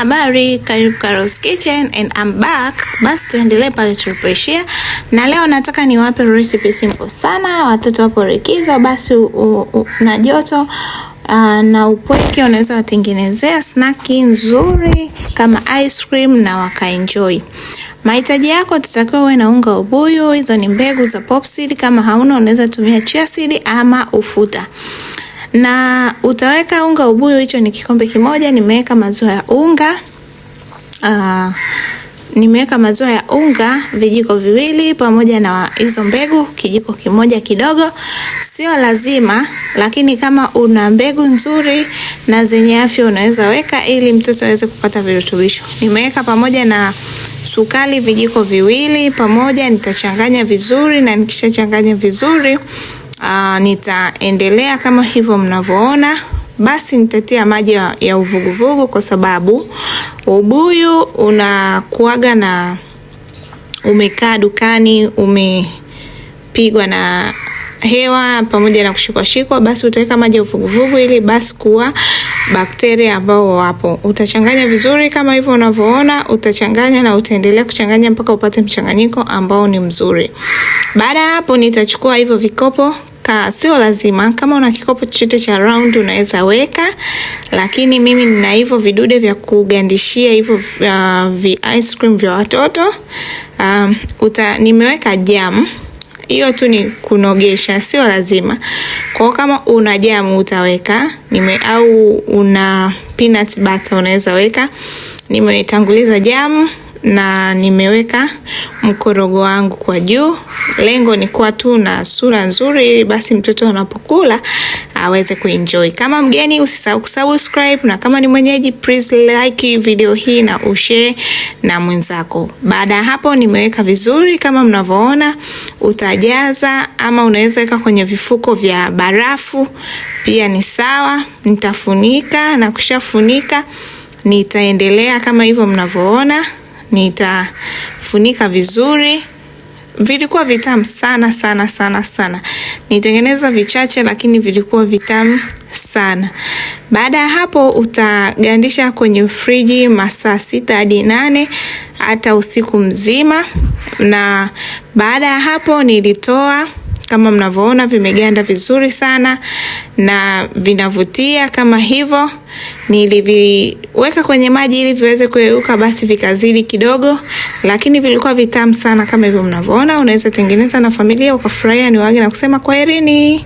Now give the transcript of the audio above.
Habari, karibu Carol's Kitchen and I'm back. Basi tuendelee pale tulipoishia, na leo nataka niwape recipe simple sana. Watoto wapo likizo, basi u, u, u, na joto Uh, na upweke unaweza watengenezea snack nzuri kama ice cream na wakaenjoy. Mahitaji yako tutakiwa uwe na unga ubuyu, hizo ni mbegu za popseed. Kama hauna unaweza tumia chia seed ama ufuta na utaweka unga ubuyu. Hicho ni kikombe kimoja, nimeweka maziwa ya unga uh, nimeweka maziwa ya unga vijiko viwili pamoja na hizo mbegu kijiko kimoja kidogo. Sio lazima, lakini kama una mbegu nzuri na zenye afya unaweza weka ili mtoto aweze kupata virutubisho. Nimeweka pamoja na sukari vijiko viwili pamoja, nitachanganya vizuri, na nikishachanganya vizuri Aa, ah, nitaendelea kama hivyo mnavyoona. Basi nitatia maji ya uvuguvugu kwa sababu ubuyu unakuaga na umekaa dukani umepigwa na hewa pamoja na kushikwashikwa, basi utaweka maji ya uvuguvugu ili basi kuwa bakteria ambao wapo. Utachanganya vizuri kama hivyo unavyoona, utachanganya na utaendelea kuchanganya mpaka upate mchanganyiko ambao ni mzuri. Baada ya hapo, nitachukua hivyo vikopo kuweka sio lazima. Kama una kikopo chochote cha round unaweza weka, lakini mimi nina hivyo vidude vya kugandishia hivyo uh, vi ice cream vya watoto um, uta, nimeweka jam hiyo tu ni kunogesha, sio lazima. Kwa hiyo kama una jamu utaweka nime, au una peanut butter unaweza weka. Nimetanguliza jamu na nimeweka mkorogo wangu kwa juu. Lengo ni kuwa tu na sura nzuri, ili basi mtoto anapokula aweze kuenjoy. Kama mgeni, usisahau kusubscribe, na kama ni mwenyeji, please like video hii na ushare na mwenzako. Baada ya hapo, nimeweka vizuri kama mnavyoona. Utajaza ama unaweza weka kwenye vifuko vya barafu, pia ni sawa. Nitafunika na kushafunika, nitaendelea kama hivyo mnavyoona nitafunika vizuri. Vilikuwa vitamu sana sana sana sana, nitengeneza vichache, lakini vilikuwa vitamu sana. Baada ya hapo, utagandisha kwenye friji masaa sita hadi nane hata usiku mzima, na baada ya hapo nilitoa kama mnavyoona vimeganda vizuri sana na vinavutia kama hivyo. Niliviweka kwenye maji ili viweze kuyeyuka, basi vikazidi kidogo, lakini vilikuwa vitamu sana kama hivyo mnavyoona. Unaweza tengeneza na familia ukafurahia. ni wage na kusema kwaherini.